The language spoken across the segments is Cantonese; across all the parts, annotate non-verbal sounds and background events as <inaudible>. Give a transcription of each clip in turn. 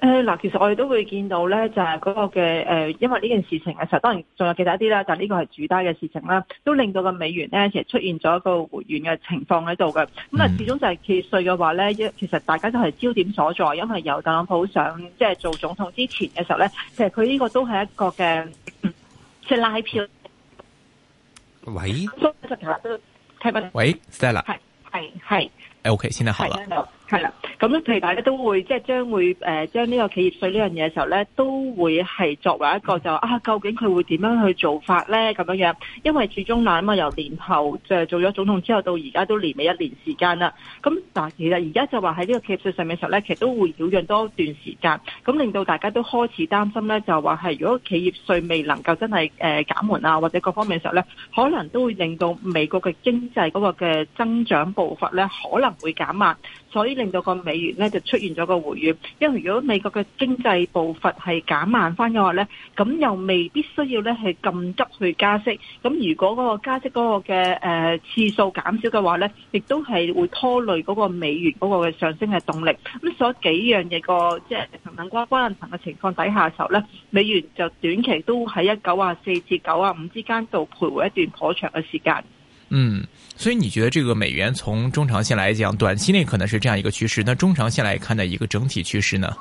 誒，嗱，其實我哋都會見到咧，就係嗰個嘅，誒，因為呢件事情嘅時候，當然仲有其他一啲啦，但係呢個係主帶嘅事情啦，都令到個美元咧，其實出現咗一個回軟嘅情況喺度嘅。咁啊、嗯，始終就係關稅嘅話咧，其實大家都係焦點所在，因為由特朗普想即係做總統之前嘅時候咧，其實佢呢個都係一個嘅，即係拉票。喂。是是。喂，Stella？係係係。誒，OK，先啦，好。係啦，咁咧，譬如大家都會即係將會誒將呢個企業稅呢樣嘢嘅時候咧，都會係作為一個就啊，究竟佢會點樣去做法咧咁樣樣因為始終嗱咁啊，由年後就係做咗總統之後到而家都年尾一年時間啦。咁嗱，其實而家就話喺呢個企業稅上面時候咧，其實都會擾攘多一段時間，咁令到大家都開始擔心咧，就話係如果企業稅未能夠真係誒減緩啊，或者各方面嘅時候咧，可能都會令到美國嘅經濟嗰個嘅增長步伐咧可能會減慢。所以令到個美元咧就出現咗個回軟，因為如果美國嘅經濟步伐係減慢返嘅話咧，咁又未必需要咧係咁急去加息。咁如果嗰個加息嗰個嘅誒次數減少嘅話咧，亦都係會拖累嗰個美元嗰個嘅上升嘅動力。咁所以幾樣嘢個即係等等關關連嘅情況底下嘅時候咧，美元就短期都喺一九啊四至九啊五之間度徘徊一段頗長嘅時間。嗯。所以你覺得這個美元從中長線來講，短期內可能是這樣一個趨勢，那中長線來看的一個整體趨勢呢？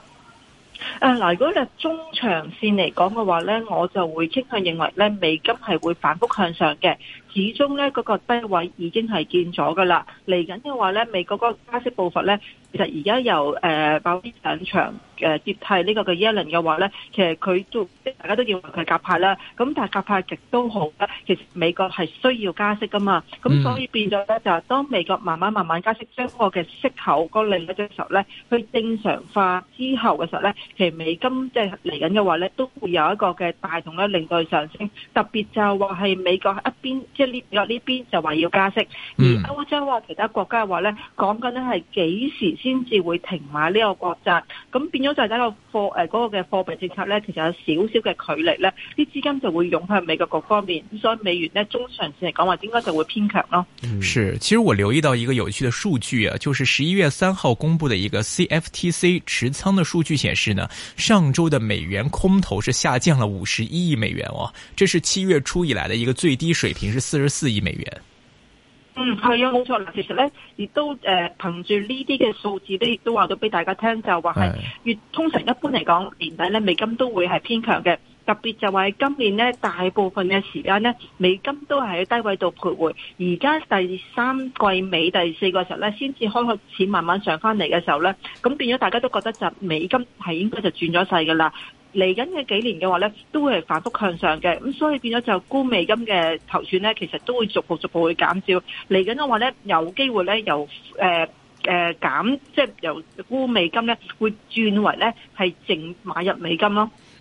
誒，嗱，如果中長線嚟講嘅話呢，我就會傾向認為呢，美金係會反覆向上嘅，始終呢，嗰個低位已經係見咗噶啦，嚟緊嘅話呢，美國個加息步伐呢其實而家由誒鮑威爾上場誒接替呢個嘅耶倫嘅話呢，其實佢做即係大家都認為佢係鴿派啦。咁但係鴿派極都好啦。其實美國係需要加息㗎嘛，咁、嗯、所以變咗呢，就係、是、當美國慢慢慢慢加息，將個嘅息口個利率嘅時候呢去正常化之後嘅時候咧，其實美金即係嚟緊嘅話呢，都會有一個嘅大同嘅令到上升。特別就話係美國一邊即係呢個呢邊就話要加息，而歐洲話，其他國家嘅話呢，講緊呢係幾時？先至會停買呢個國債，咁變咗就喺、呃那個貨誒嗰個嘅貨幣政策呢，其實有少少嘅距離呢，啲資金就會湧向美國各方面。所以美元呢，中長線嚟講話應該就會偏強咯。是，其實我留意到一個有趣嘅數據啊，就是十一月三號公布的一個 CFTC 持倉的數據顯示呢，上周的美元空頭是下降了五十一億美元哦，這是七月初以來嘅一個最低水平，是四十四億美元。嗯，係啊，冇錯啦。其實咧，亦都誒、呃，憑住呢啲嘅數字都亦都話到俾大家聽，就話係，通常一般嚟講，年底咧美金都會係偏強嘅，特別就係今年咧大部分嘅時間咧，美金都係喺低位度徘徊，而家第三季尾第四個時候咧，先至開始慢慢上翻嚟嘅時候咧，咁變咗大家都覺得就美金係應該就轉咗勢噶啦。嚟緊嘅幾年嘅話呢，都會係反覆向上嘅，咁所以變咗就沽美金嘅頭寸呢，其實都會逐步逐步會減少。嚟緊嘅話呢，有機會呢由誒誒、呃呃、減，即、就、係、是、由沽美金呢會轉為呢係淨買入美金咯。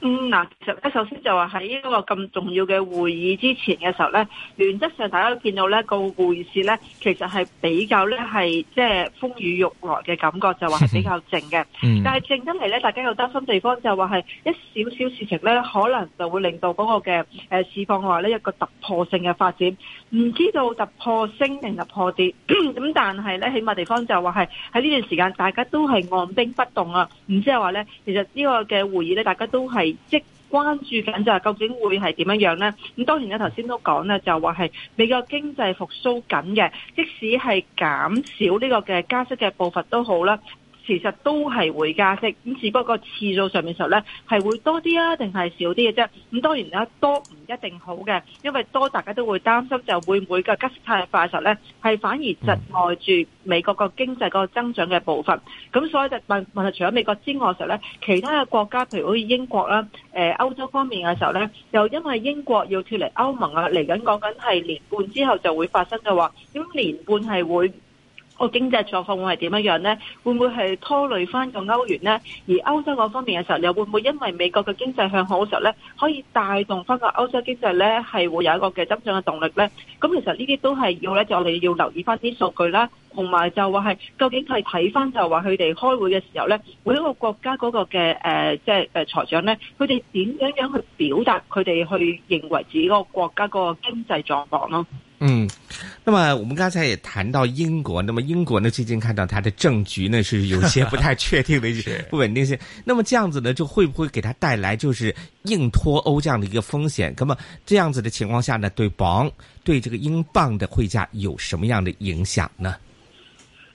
嗯嗱，其實咧，首先就話喺呢個咁重要嘅會議之前嘅時候咧，原則上大家都見到咧、嗰個會議咧，其實係比較咧係即係風雨欲來嘅感覺，就話係比較靜嘅。 <laughs> 嗯、但係靜得嚟咧，大家有擔心地方就話係一少少事情咧，可能就會令到嗰個嘅誒市況內咧一個突破性嘅發展。唔知道突破升定突破跌，咁 <coughs> 但係咧起碼地方就話係喺呢段時間，大家都係按兵不動啊。唔知係話咧，其實呢個嘅會議咧，大家都係。即關注緊就係究竟會係點樣樣咧？咁當然咧，頭先都講咧，就話係美國經濟復甦緊嘅，即使係減少呢個嘅加息嘅步伐都好啦。其實都係會加息，咁只不過次數上面時候呢係會多啲啊，定係少啲嘅啫。咁當然啦，多唔一定好嘅，因為多大家都會擔心就會唔會個加息太快時候呢係反而窒礙住美國個經濟個增長嘅部分。咁所以就問問題除咗美國之外時候呢其他嘅國家譬如好似英國啦，誒歐洲方面嘅時候呢，又因為英國要脫離歐盟啊，嚟緊講緊係年半之後就會發生嘅話，咁年半係會。我經濟狀況會係點樣呢？會唔會係拖累翻個歐元呢？而歐洲嗰方面嘅時候，又會唔會因為美國嘅經濟向好嘅時候呢，可以帶動翻個歐洲經濟呢？係會有一個嘅增長嘅動力呢？咁其實呢啲都係要咧，我哋要留意翻啲數據啦。同埋就話係究竟係睇翻就話佢哋開會嘅時候呢，每一個國家嗰個嘅誒，即係誒財長呢，佢哋點樣樣去表達佢哋去認為自己個國家個經濟狀況咯？嗯，那麼我們剛才也談到英國，那麼英國呢，最近看到它的政局呢，是有些不太確定的 <laughs> 不穩定性，那麼這樣子呢，就會不會給它帶來就是硬脫歐這樣的一個風險？咁麼這樣子的情況下呢，對鎊對這個英鎊的匯價有什麼樣的影響呢？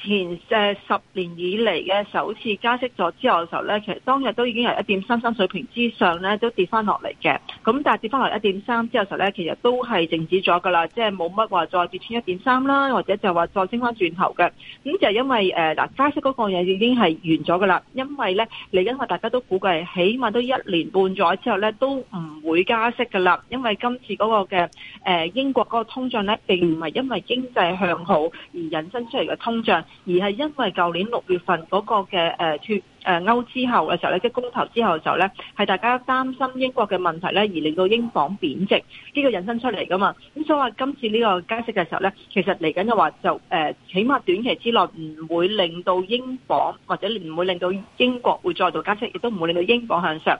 前誒十年以嚟嘅首次加息咗之後嘅時候咧，其實當日都已經係一點三三水平之上咧，都跌翻落嚟嘅。咁但係跌翻落嚟一點三之後嘅時候咧，其實都係靜止咗噶啦，即係冇乜話再跌穿一點三啦，或者就話再升翻轉頭嘅。咁就係因為誒嗱、呃、加息嗰個嘢已經係完咗噶啦，因為咧嚟緊我大家都估計，起碼都一年半載之後咧都唔會加息噶啦，因為今次嗰個嘅誒、呃、英國嗰個通脹咧並唔係因為經濟向好而引申出嚟嘅通脹。而係因為舊年六月份嗰個嘅誒脱誒歐之後嘅時候咧，即係公投之後嘅時候咧，係大家擔心英國嘅問題咧，而令到英鎊貶值，呢個引申出嚟噶嘛。咁所以話今次呢個加息嘅時候咧，其實嚟緊嘅話就誒、呃，起碼短期之內唔會令到英鎊或者唔會令到英國會再度加息，亦都唔會令到英鎊向上。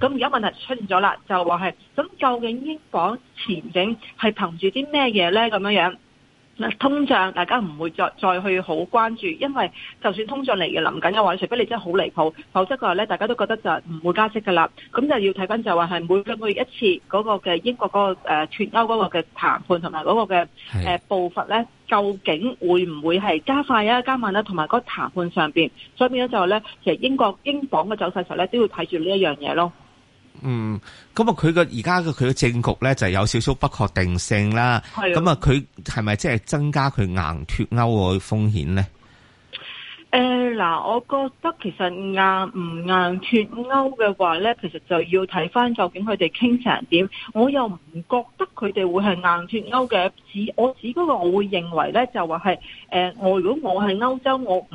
咁而家問題出現咗啦，就話係咁究竟英鎊前景係憑住啲咩嘢咧？咁樣樣。通脹大家唔會再再去好關注，因為就算通脹嚟嘅臨緊嘅話，除非你真係好離譜，否則嘅話咧，大家都覺得就唔會加息㗎啦。咁就要睇翻就話係每個月一次嗰個嘅英國嗰、嗰個誒脱、啊、歐嗰個嘅談判同埋嗰個嘅誒的、啊、步伐咧，究竟會唔會係加快啊、加慢呀、啊？同埋嗰個談判上面。所以變咗就係咧，其實英國英鎊嘅走勢時候咧，都要睇住呢一樣嘢咯。嗯，咁啊，佢個而家嘅佢嘅政局咧，就有少少不確定性啦。係，咁啊，佢係咪即係增加佢硬脱歐嘅風險咧？誒，嗱，我覺得其實硬唔硬脱歐嘅話咧，其實就要睇翻究竟佢哋傾成點。我又唔覺得佢哋會係硬脱歐嘅，只我只不過我會認為咧，就話係誒，我如果我係歐洲，我唔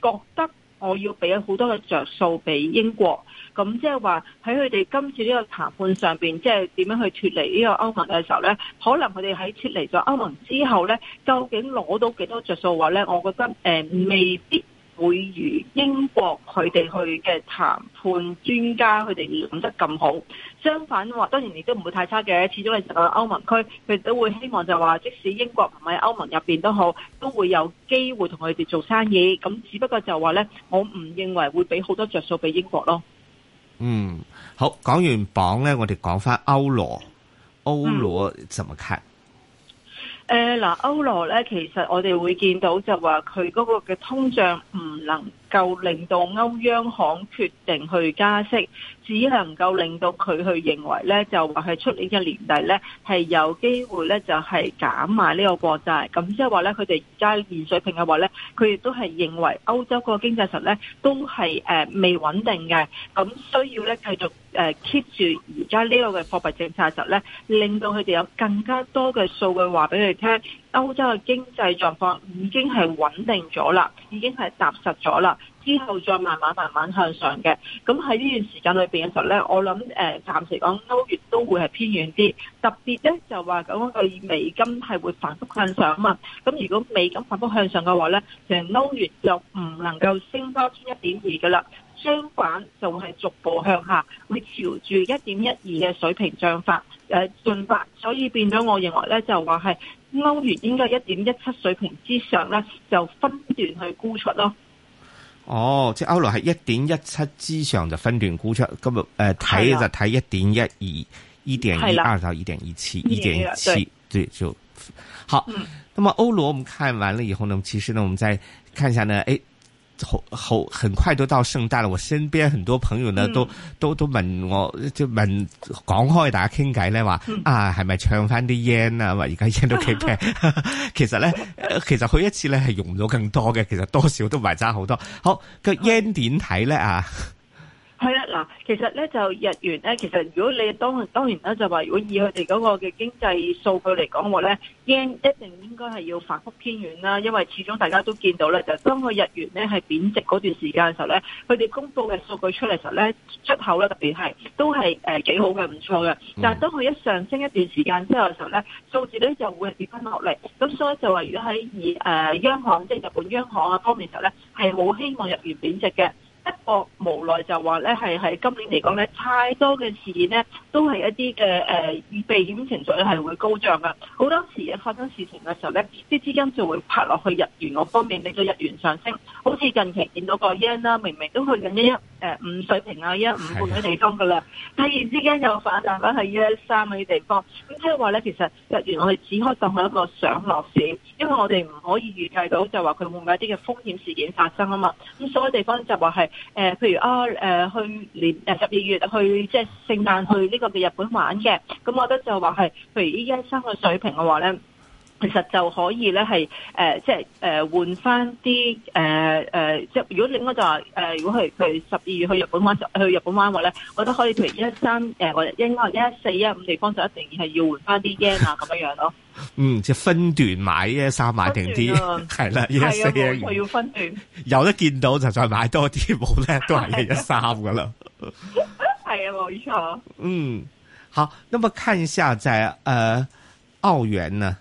覺得我要俾好多嘅着數俾英國。咁即係話喺佢哋今次呢個談判上面，即係點樣去脫離呢個歐盟嘅時候呢，可能佢哋喺脫離咗歐盟之後呢，究竟攞到幾多著數話呢，我覺得、呃、未必會如英國佢哋去嘅談判專家佢哋諗得咁好。相反話，當然亦都唔會太差嘅。始終係成個歐盟區，佢哋都會希望就話，即使英國唔喺歐盟入面都好，都會有機會同佢哋做生意。咁只不過就話呢，我唔認為會俾好多着數俾英國咯。嗯，好，講完榜咧，我哋講返歐羅，歐羅怎麼睇？嗯誒，嗱、呃，歐羅咧，其實我哋會見到就話佢嗰個嘅通脹唔能夠令到歐央行決定去加息，只能夠令到佢去認為咧就話係出年嘅年底咧係有機會咧就係減買呢個國債。咁即係話咧，佢哋而家現水平嘅話咧，佢亦都係認為歐洲個經濟實咧都係誒未穩定嘅，咁需要咧繼續。誒 keep 住而家呢個嘅貨幣政策嘅時候咧，令到佢哋有更加多嘅數據話俾佢哋聽，歐洲嘅經濟狀況已經係穩定咗啦，已經係踏實咗啦，之後再慢慢慢慢向上嘅。咁喺呢段時間裏面嘅時候咧，我諗暫時講歐元都會係偏遠啲，特別咧就話咁個美金係會反復向上啊嘛。咁如果美金反復向上嘅話咧，成歐元就唔能夠升多出一點二㗎啦。相反，就係逐步向下，會朝住一點一二嘅水平漲法誒進發、呃進，所以變咗我認為咧就話係歐元應該係一點一七水平之上咧就分段去沽出咯。哦，即係歐羅係一點一七之上就分段沽出，咁誒睇就睇一點一二、一點一二到一點一七、一點一七，一點一七，對就好。咁、嗯、那麼歐羅我們看完了以後呢，其實呢，我們再看一下呢，誒。好好很快都到聖誕啦！我身邊很多朋友呢，都都都問我，即係問講開大家傾偈咧，話啊，係咪唱返啲 yen 啊？話而家 yen 都幾平， <laughs> 其實咧，其實去一次咧係用唔到更多嘅，其實多少都唔係差好多。好，個 yen 點睇咧啊？係啦，嗱，其實咧就日元咧，其實如果你當當然啦，就話，如果以佢哋嗰個嘅經濟數據嚟講話咧 yen 一定應該係要反覆偏軟啦，因為始終大家都見到咧，就當佢日元咧係貶值嗰段時間嘅時候咧，佢哋公布嘅數據出嚟時候咧，出口咧特別係都係誒幾好嘅，唔錯嘅。嗯。但係當佢一上升一段時間之後嘅時候咧，數字咧就會跌翻落嚟。咁所以就話，如果喺以誒央行即係日本央行啊方面嘅時候咧，係好希望日元貶值嘅。一個 <music> 無奈就話咧，係喺今年嚟講咧，太多嘅事件咧，都係一啲嘅誒，避險情緒係會高漲噶。好多時嘢發生事情嘅時候咧，啲資金就會拍落去日元嗰方面，令到日元上升。好似近期見到個 yen 啦、啊，明明都去緊一一。誒，五、呃、水平啊，一五半嘅地方噶啦，突然之間又反彈翻去一一三嘅啲地方，咁即係話咧，其實日元我哋只可當一個上落市，因為我哋唔可以預計到就話佢會唔會一啲嘅風險事件發生啊嘛，咁所有地方就話係誒，譬如啊，誒、呃、去年誒十二月去即係聖誕去呢個嘅日本玩嘅，咁我覺得就話係，譬如依一一三個水平嘅話咧。其實就可以咧，係、呃、誒，即係誒，換翻啲誒誒，即係如果你應該就話誒，如果係佢十二月去日本玩，去日本玩話咧，我覺得可以譬如一三誒，或者一應該一四一五地方就一定要係要換翻啲 yen 啊，咁樣樣咯。 <laughs> 嗯，即係分段買一三買定啲、啊，係啦一四一五。我、啊、要分段有得見到就再買多啲，冇咧都係一三噶啦。係啊，冇錯、啊、嗯，好，咁看一下就係誒、呃、澳元呢。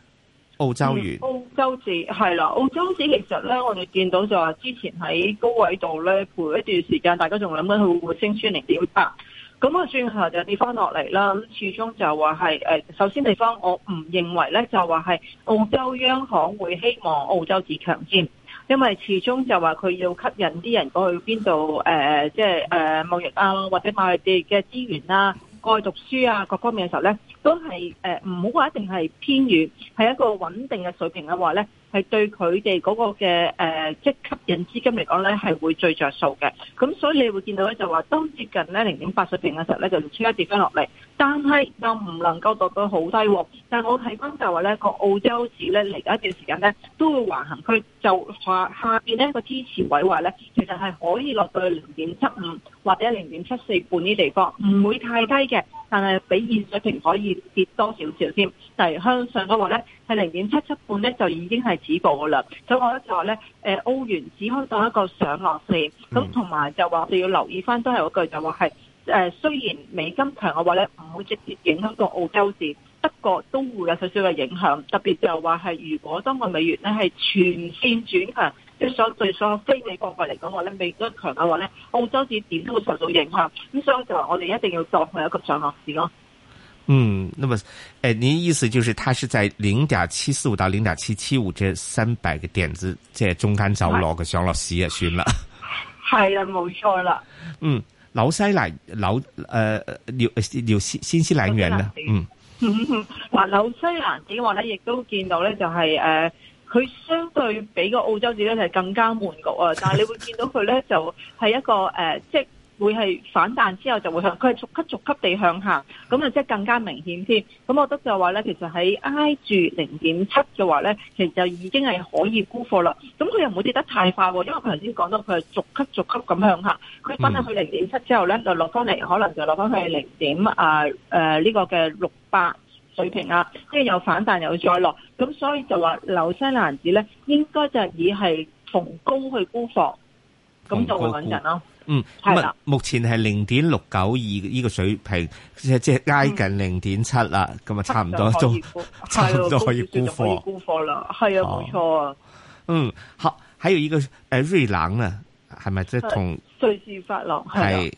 澳洲元、嗯、澳洲字，係啦，澳洲字其實咧，我哋見到就話之前喺高位度咧，盤一段時間，大家仲諗緊佢會唔會升穿零點八，咁、嗯、啊轉頭就跌翻落嚟啦。咁始終就話係誒，首先地方我唔認為咧，就話係澳洲央行會希望澳洲字強先，因為始終就話佢要吸引啲人過去邊度誒，即係誒、呃、貿易啊，或者買佢哋嘅資源啊，過去讀書啊，各，啊各方面嘅時候咧。都係誒，唔好話一定係偏遠，係一個穩定嘅水平嘅話咧，係對佢哋嗰個嘅誒、呃，即係吸引資金嚟講咧，係會最着數嘅。咁所以你會見到咧，就話當接近咧零點八水平嘅時候咧，就逐漸跌翻落嚟，但係又唔能夠落到好低喎、哦。但係我睇翻就話咧，個澳洲市咧嚟緊一段時間咧都會橫行區，佢就下下邊咧個支持位話咧，其實係可以落到零點七五或者零點七四半呢地方，唔會太低嘅。但係比現水平可以跌多少少先，但係向上嘅話咧，係零點七七半咧就已經係止步嘅啦。所以我覺得就話咧，誒澳元只開到一個上落線，咁同埋就話你要留意翻都係嗰句就，就話係誒雖然美金強嘅話咧，唔會直接影響到澳洲市，不過都會有少少嘅影響，特別就話係如果當個美元咧係全面轉強。即係相對上非美貨幣嚟講話咧，美一強嘅話咧，澳洲市點都會受到影響。咁所以就話我哋一定要做佢一個上落市咯。嗯，那麼誒，您、呃、意思就是，佢係在零點七四五到零點七七五這三百個點子，即係中間走落嘅上落市就算啦。係啦，冇錯啦。嗯，紐西蘭紐誒，要要新西蘭元啦。嗯嗱，紐西蘭點、嗯、 <laughs> 話咧，亦都見到咧、就是，就係誒。佢相對比個澳洲指就係更加悶局啊！但係你會見到佢咧，就係一個、呃、即係會係反彈之後就會向，佢係逐級逐級地向下，咁啊，即係更加明顯添。咁我覺得就話咧，其實喺挨住零點七嘅話咧，其實就已經係可以沽貨啦。咁佢又唔會跌得太快喎，因為佢頭先講到佢係逐級逐級咁向下，佢翻到去零點七之後咧，就落翻嚟，可能就落翻去零點啊呢個嘅六百，水平啊，即係又反彈又再落，咁所以就話紐西蘭紙咧，應該就以係逢高去沽貨，咁、嗯、就穩陣咯。嗯，啊、嗯，目前係零點六九二呢個水平，即係挨近零點七啦，咁啊、嗯、差唔多，差唔多可以沽貨啦。係啊，冇、哦啊、錯啊。嗯，好，還有一個誒、呃、瑞郎啊，係咪即係同瑞士法郎係。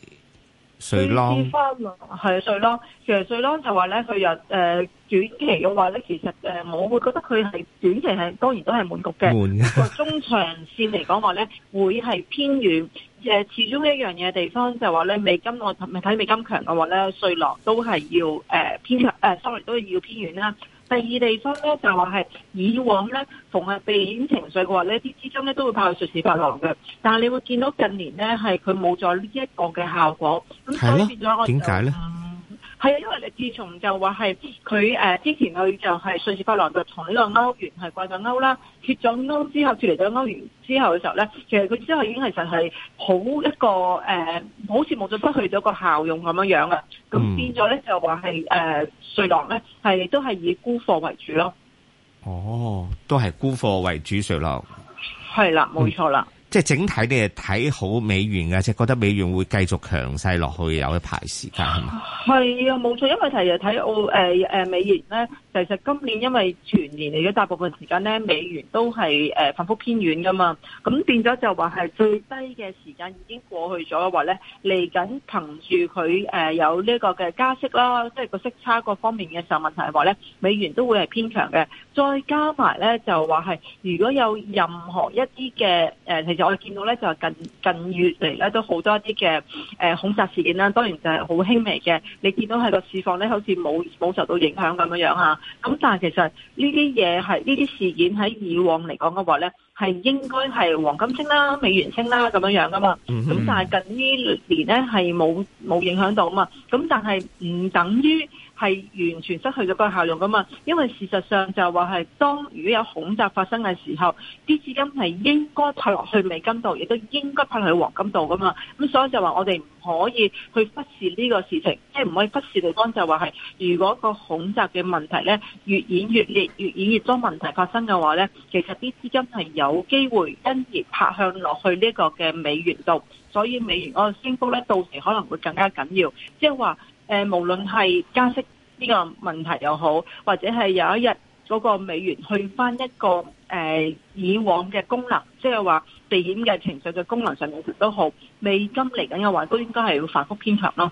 瑞郎係啊，瑞郎，其實瑞郎就話咧，佢又誒短期嘅話咧，其實誒、呃、我會覺得佢係短期係當然都係滿局嘅。個悶、啊、中長線嚟講話咧，會係偏軟。誒、呃，始終一樣嘢地方就話咧，美金我睇美金強嘅話咧，瑞郎都係要誒、呃、偏誒、呃、sorry 都係要偏軟啦。第二地方咧就話、是、係以往咧，同係避險情緒嘅話呢啲資金咧都會派去瑞士法郎嘅，但係你會見到近年咧係佢冇咗呢一個嘅效果，咁改變咗點解呢？係啊，是因為你自從就話係佢誒，之前佢就係瑞士法郎就同呢個歐元係掛咗鈎啦，揭咗鈎之後脫離咗歐元之後嘅時候咧，其實佢之後已經係實係好一個誒、呃，好似冇咗失去咗個效用咁樣樣啊，咁變咗咧、嗯、就話係誒，瑞郎咧係都係以沽貨為主咯。哦，都係沽貨為主瑞郎。係啦，冇錯啦。嗯即係整體你係睇好美元嘅，即係覺得美元會繼續強勢落去有一排時間，係嘛？係啊，冇錯，因為提日睇澳誒誒、呃呃、美元咧，其實今年因為全年嚟咗大部分時間咧，美元都係誒、呃、反覆偏軟嘅嘛。咁變咗就話係最低嘅時間已經過去咗嘅話咧，嚟緊憑住佢誒有呢個嘅加息啦，即係個息差各方面嘅時候問題話咧，美元都會係偏強嘅。再加埋咧就話係如果有任何一啲嘅誒其實。呃我哋見到咧就係近近月嚟咧都好多一啲嘅誒恐襲事件啦，當然就係好輕微嘅。你見到係個市況咧，好似冇冇受到影響咁樣樣啊。咁但係其實呢啲嘢係呢啲事件喺以往嚟講嘅話咧，係應該係黃金升啦、美元升啦咁樣樣噶嘛，咁但係近呢年咧係冇冇影響到嘛，咁但係唔等於係完全失去咗個效用噶嘛，因為事實上就話係當如果有恐襲發生嘅時候，啲資金係應該退落去美金度，亦都應該退落去黃金度噶嘛，咁所以就話我哋唔可以去忽視呢個事情，即係唔可以忽視對方就話係如果個恐襲嘅問題咧越演越烈、越演越多問題發生嘅話咧，其實啲資金係有有機會跟住拍向落去呢個嘅美元度，所以美元嗰個升幅咧，到時可能會更加緊要。即係話，誒，無論係加息呢個問題又好，或者係有一日嗰個美元去返一個誒以往嘅功能，即係話避險嘅情緒嘅功能上面都好，美金嚟緊嘅話都應該係會反覆偏強咯。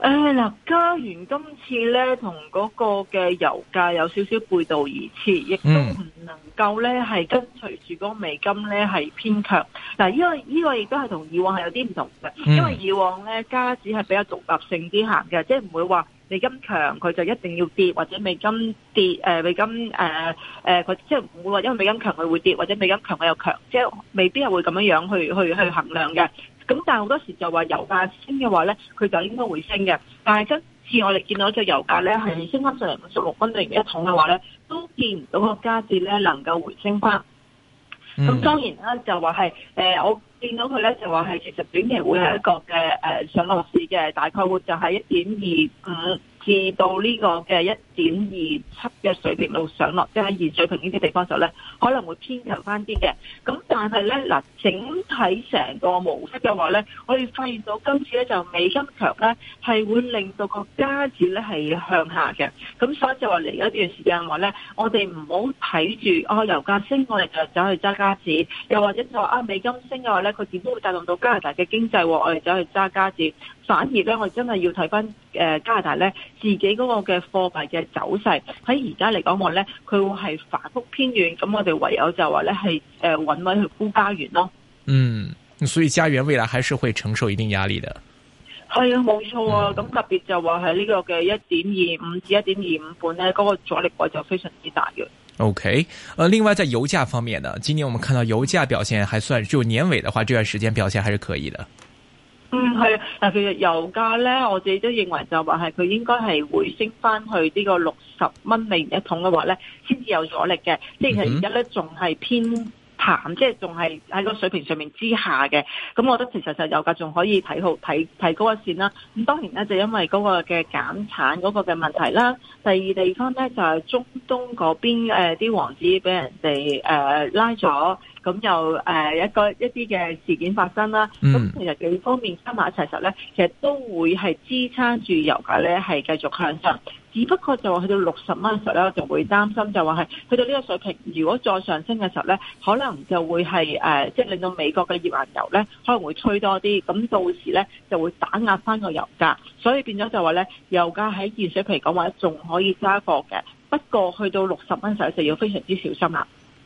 誒、嗱、哎，加元今次咧同嗰個嘅油價有少少背道而馳，亦都唔能夠咧係跟隨住嗰美金咧係偏強。嗱，呢、這個呢個亦都係同以往係有啲唔同嘅，因為以往咧加紙係比較獨立性啲行嘅，即係唔會話美金強佢就一定要跌，或者美金跌，誒、呃、美金誒誒佢即係唔會話因為美金強佢會跌，或者美金強佢又強，即係未必係會咁樣樣去去去衡量嘅。咁但係好多時就話油價升嘅話咧，佢就應該回升嘅。但係今次我哋見到隻油價咧係升翻上嚟五十六蚊零一桶嘅話咧，都見唔到個加跌咧能夠回升翻。咁、嗯、當然啦，就話係誒，我見到佢咧就話係其實短期會係一個嘅誒、呃、上落市嘅，大概會就係一點二五至到呢個嘅一。點二七嘅水平度上落，即係二水平呢啲地方嘅時候咧，可能會偏強翻啲嘅。咁但係咧嗱，整體成個模式嘅話咧，我哋發現到今次咧就是、美金強咧係會令到個加字咧係向下嘅。咁所以就話嚟一段時間話咧，我哋唔好睇住哦，油價升我哋就走去揸加字，又或者就話啊，美金升嘅話咧，佢點都會帶動到加拿大嘅經濟，我哋走去揸加字。反而咧，我真係要睇翻誒加拿大咧自己嗰個嘅貨幣嘅。走勢喺而家嚟講話呢，佢會係反覆偏軟咁我哋唯有就話呢係誒搵位去估家園咯。嗯，所以家園未來還是會承受一定壓力嘅。係啊，冇錯啊，咁、嗯、特別就話喺呢個嘅一點二五至一點二五半呢，嗰、那個阻力位就非常之大嘅。OK，誒，另外在油價方面呢，今年我們看到油價表現還算，就年尾的話這段時間表現還是可以的。嗯，係，但係其實油價咧，我自己都認為就話係佢應該係回升翻去呢個六十蚊美元一桶嘅話咧，先至有阻力嘅。即係而家咧，仲係偏淡，即係仲係喺個水平上面之下嘅。咁我覺得其實就油價仲可以睇好，睇睇高一線啦。咁當然咧，就是、因為嗰個嘅減產嗰個嘅問題啦。第二地方咧就係、是、中東嗰邊誒、啲、呃、王子俾人哋誒、呃、拉咗。咁又誒、呃、一個一啲嘅事件發生啦，咁、嗯、其實幾方面加埋一齊時候咧，其實都會係支撐住油價咧係繼續向上。只不過就話去到六十蚊時候咧，我就會擔心就話係去到呢個水平，如果再上升嘅時候咧，可能就會係即係令到美國嘅頁岩油咧可能會推多啲，咁到時咧就會打壓翻個油價。所以變咗就話咧，油價喺現水平講話仲可以揸貨嘅，不過去到六十蚊時候，就要非常之小心啦。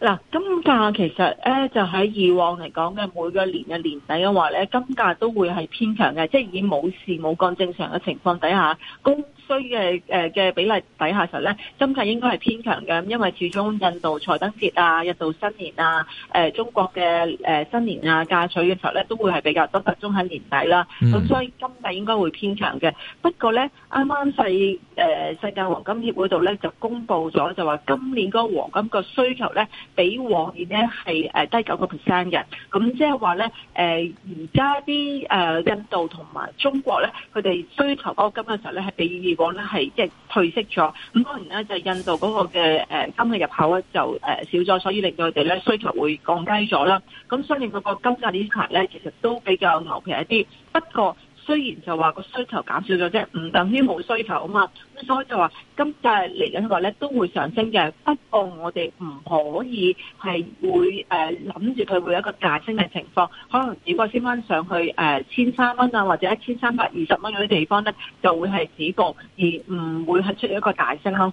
嗱，金價其實咧、呃、就喺以往嚟講嘅每個年嘅年底嘅話咧，金價都會係偏強嘅，即係以冇事冇幹正常嘅情況底下，供需嘅呃、嘅比例底下時候咧，金價應該係偏強嘅，因為始終印度財燈節啊、印度新年啊、呃、中國嘅、呃、新年啊，嫁娶嘅時候咧都會係比較多集中喺年底啦。咁、嗯、所以金價應該會偏強嘅。不過咧，啱啱世誒世界黃金協會度咧就公布咗，就話今年嗰個黃金個需求咧。比往年咧係誒低九個 percent 嘅，咁即係話咧誒而家啲誒印度同埋中國咧，佢哋需求嗰個金嘅時候咧，係比以往咧係即係退息咗，咁當然咧就印度嗰個嘅誒金嘅入口咧就誒少咗，所以令到佢哋咧需求會降低咗啦。咁所以嗰個金價呢排咧其實都比較牛皮一啲，不過。雖然就話個需求減少咗啫，唔等於冇需求啊嘛，咁所以就話金價嚟緊個咧都會上升嘅，不過我哋唔可以係會誒諗住佢會有一個大升嘅情況，可能只過升翻上去誒千三蚊啊，或者一千三百二十蚊嗰啲地方咧，就會係止步，而唔會係出一個大升啦。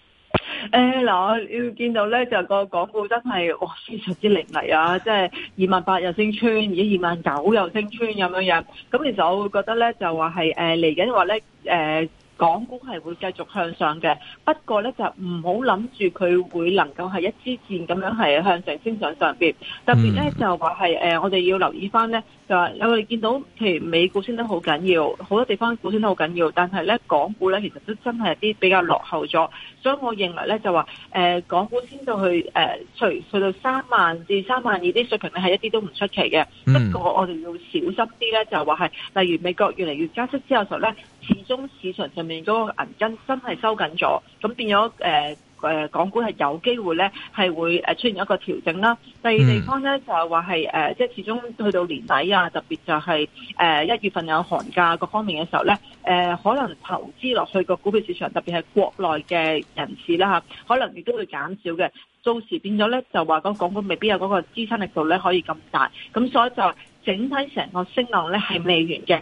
誒嗱、哎，我要見到呢，就個港股真係哇，非、哦、常之凌厲啊！即係二萬八又升穿，而家二萬九又升穿咁樣樣。咁其實我會覺得呢，就話係誒嚟緊話呢。呃港股係會繼續向上嘅，不過咧就唔好諗住佢會能夠係一支箭咁樣係向上升上上邊。特別咧就話係誒，我哋要留意翻咧，就話我哋見到譬如美股升得好緊要，好多地方股升得好緊要，但係咧港股咧其實都真係有啲比較落後咗。所以我認為咧就話誒、呃，港股升到去誒，除、呃、去到三萬至三萬二啲水平咧係一啲都唔出奇嘅。不過、嗯、我哋要小心啲咧，就話係例如美國越嚟越加息之後，實咧始終市場上。嗰個銀根真係收緊咗，咁變咗誒誒，港股係有機會咧，係會誒出現一個調整啦。第二地方咧就係話係誒，即、呃、係始終去到年底啊，特別就係誒一月份有寒假各方面嘅時候咧，誒、呃、可能投資落去個股票市場，特別係國內嘅人士啦嚇、啊，可能亦都會減少嘅。到時變咗咧，就話個港股未必有嗰個支撐力度咧，可以咁大。咁所以就整體成個升浪咧係未完嘅。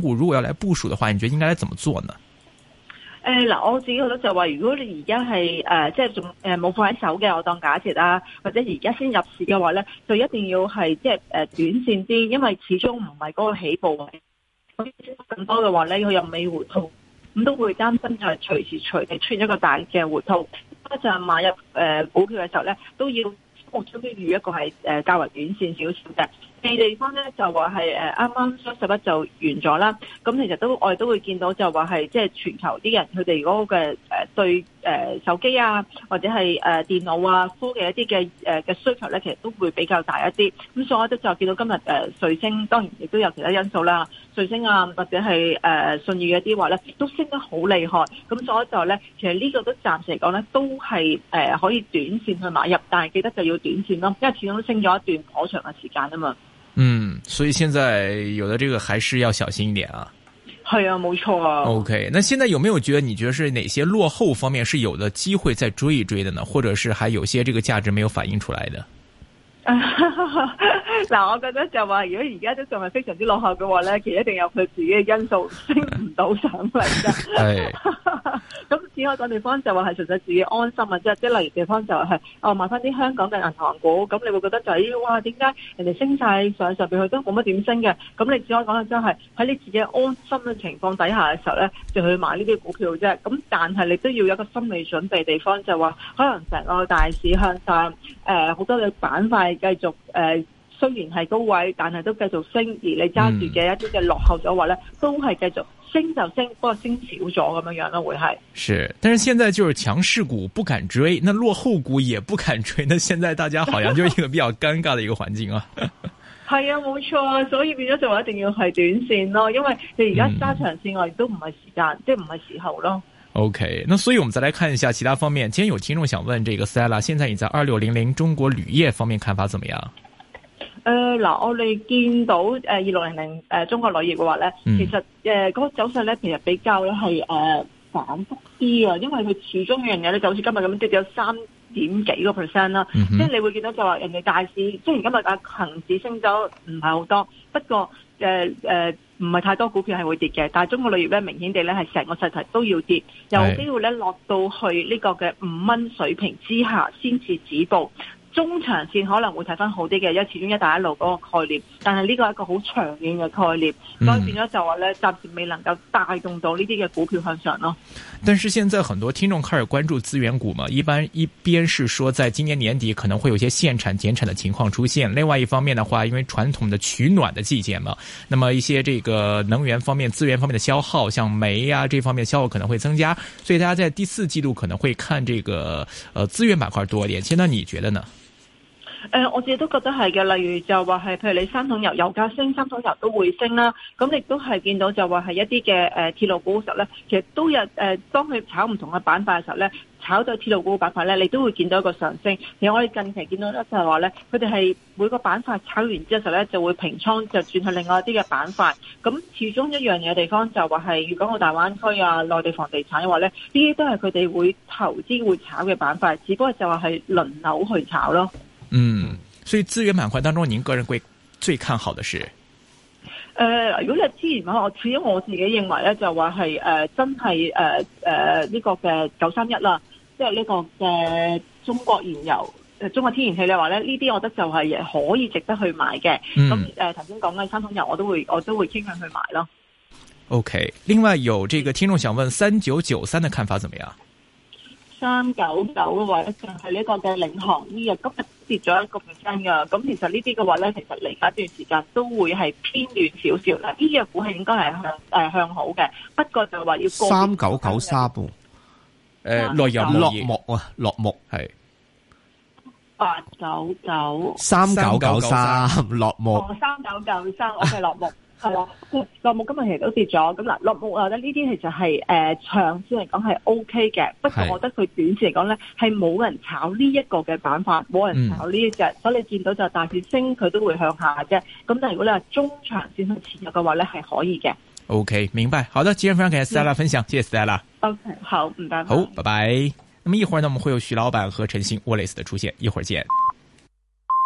如果要來部署的話，你覺得應該嚟怎麼做呢？誒，嗱，我自己覺得就話，如果你而家係誒，即係仲誒冇放喺手嘅，我當假設啦、啊，或者而家先入市嘅話呢，就一定要係即係誒、呃、短線啲，因為始終唔係嗰個起步位咁多嘅話呢，佢有尾回吐，咁都會擔心就係隨時隨地出現一個大嘅回吐。加上就買入誒股票嘅時候呢，都要務中先預一個係誒、呃、較為短線少少嘅。嘅地方咧，就話係誒啱啱雙十一就完咗啦，咁其實都我哋都會見到就話係即係全球啲人佢哋如果嘅誒對誒手機啊或者係誒電腦啊科技一啲嘅誒嘅需求咧，其實都會比較大一啲。咁所以我就見到今日誒瑞星當然亦都有其他因素啦，瑞星，啊或者係誒、呃、信譽一啲話咧，都升得好厲害。咁所以就咧，其實呢個都暫時嚟講咧，都係誒可以短線去買入，但係記得就要短線咯，因為始終都升咗一段頗長嘅時間啊嘛。嗯，所以現在有的這個還是要小心一點啊。係啊，冇錯啊。OK，那現在有沒有覺得你覺得是哪些落後方面是有的機會再追一追的呢？或者是還有些這個價值沒有反映出來的？嗱、 <laughs> 啊，我覺得就話如果而家都仲係非常之落後嘅話咧，其實一定有佢自己嘅因素升唔到上嚟嘅。係、 <laughs> 哎。 <laughs> 只可以講，地方就話係純粹自己安心啊，即係即係例如地方就係、是、哦買翻啲香港嘅銀行股，咁你會覺得就係、是、哇，點解人哋升晒上上邊佢都冇乜點升嘅？咁你只可以講咧、就是，真係喺你自己安心嘅情況底下嘅時候咧，就去買呢啲股票啫。咁但係你都要有個心理準備，地方就話、是、可能成個大市向上，誒、呃、好多嘅板塊繼續誒。呃雖然係高位，但係都繼續升。而你揸住嘅一啲嘅落後咗話咧，嗯、都係繼續升就升，不過升少咗咁樣樣咯，會係。是，但是現在就是強勢股不敢追，那落後股也不敢追，那現在大家好像就是一個比較尷尬的一個環境啊。係 <laughs> <laughs> 啊，冇錯，所以變咗就話一定要係短線咯，因為你而家揸長線我亦都唔係時間，嗯、即係唔係時候咯。OK，那所以我們再來看一下其他方面。今天有聽眾想問，這個 Sella 現在你在二六零零中國鋁業方面看法怎麼樣？誒，嗱、呃，我哋見到誒二六零零誒中國鋁業嘅話咧，嗯、其實誒嗰、呃那個走勢咧，其實比較咧係誒反覆啲啊，因為佢始終嘅嘢咧就好似今日咁跌咗三點幾個 percent 啦，即、啊、係、嗯、哼你會見到就話人哋大市，雖然今日啊恒指升咗唔係好多，不過誒誒唔係太多股票係會跌嘅，但係中國鋁業咧明顯地咧係成個實體都要跌，有機是會咧落到去呢個嘅五蚊水平之下先至止步。中長線可能會睇返好啲嘅，因為始終一帶一路嗰個概念，但係呢個係一個好長遠嘅概念，所以變咗就話呢，暫時未能夠帶動到呢啲嘅股票向上咯、嗯。但是現在很多聽眾開始關注資源股嘛，一般一邊是說在今年年底可能會有些限產減產的情況出現，另外一方面嘅話，因為傳統的取暖的季節嘛，那麼一些這個能源方面資源方面的消耗，像煤啊這方面的消耗可能會增加，所以大家在第四季度可能會看這個呃資源板塊多一點，現在你覺得呢？誒、呃，我自己都覺得係嘅。例如就話係，譬如你三桶油油價升，三桶油都會升啦。咁亦都係見到就話係一啲嘅誒鐵路股嘅時候咧，其實都有誒、呃。當佢炒唔同嘅板塊嘅時候咧，炒到鐵路股嘅板塊咧，你都會見到一個上升。其實我哋近期見到咧就係話咧，佢哋係每個板塊炒完之後咧，就會平倉就轉去另外一啲嘅板塊。咁始終一樣嘢地方就話係，粵港澳大灣區啊、內地房地產嘅話咧，呢啲都係佢哋會投資會炒嘅板塊，只不過就話係輪流去炒咯。嗯，所以資源板塊當中，您個人會最看好的是誒、呃，如果你係資源話，我始終我自己認為咧，就話係誒真係誒誒呢個嘅九三一啦，即係呢個嘅中國原油、誒、呃、中國天然氣嘅話咧，呢啲我覺得就係可以值得去買嘅。咁誒、嗯，頭先講嘅三桶油，我都會我都會傾向去買咯。OK，另外有這個聽眾想問三九九三嘅看法怎麼樣？三九九嘅話咧就係呢個嘅領航呢日今日。跌咗一個半身噶，咁其實呢啲嘅話咧，其實嚟緊一段時間都會係偏暖少少啦。呢隻股係應該係向係向好嘅，不過就話要三九九三半，誒，落日落幕啊，落幕係八九九三九九三落幕，三九九三我係落幕。係啦，落幕、嗯、今日其實都跌咗。咁、呃、嗱，落幕我覺得呢啲其實係誒長線嚟講係 O K 嘅，不過我覺得佢短線嚟講咧係冇人炒呢一個嘅板塊，冇人炒呢一隻，嗯、所以你見到就大市升佢都會向下嘅。咁但係如果你中場話中長線去持有嘅話咧係可以嘅。O、okay, K，明白。好的，今日非常感謝 Stella 分享，嗯、謝謝 Stella。O、okay, K，好，唔該。好，拜拜。咁一會兒呢，我們會有徐老闆和陳星 Wallace 的出現，一會兒見。